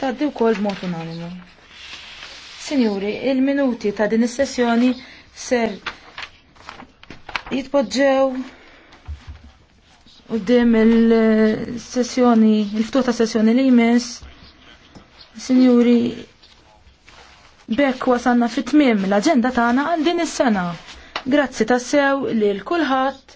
tgħaddi wkoll b'mod unanimu. Signori, il-minuti ta' din is-sessjoni ser jitpoġġew dim il-sessjoni, il-ftuħ ta' sessjoni li jmiss. Signori, Bekk wasanna fit tmim l-agenda tagħna għal din is-sena. Grazzi tassew lil kulħadd.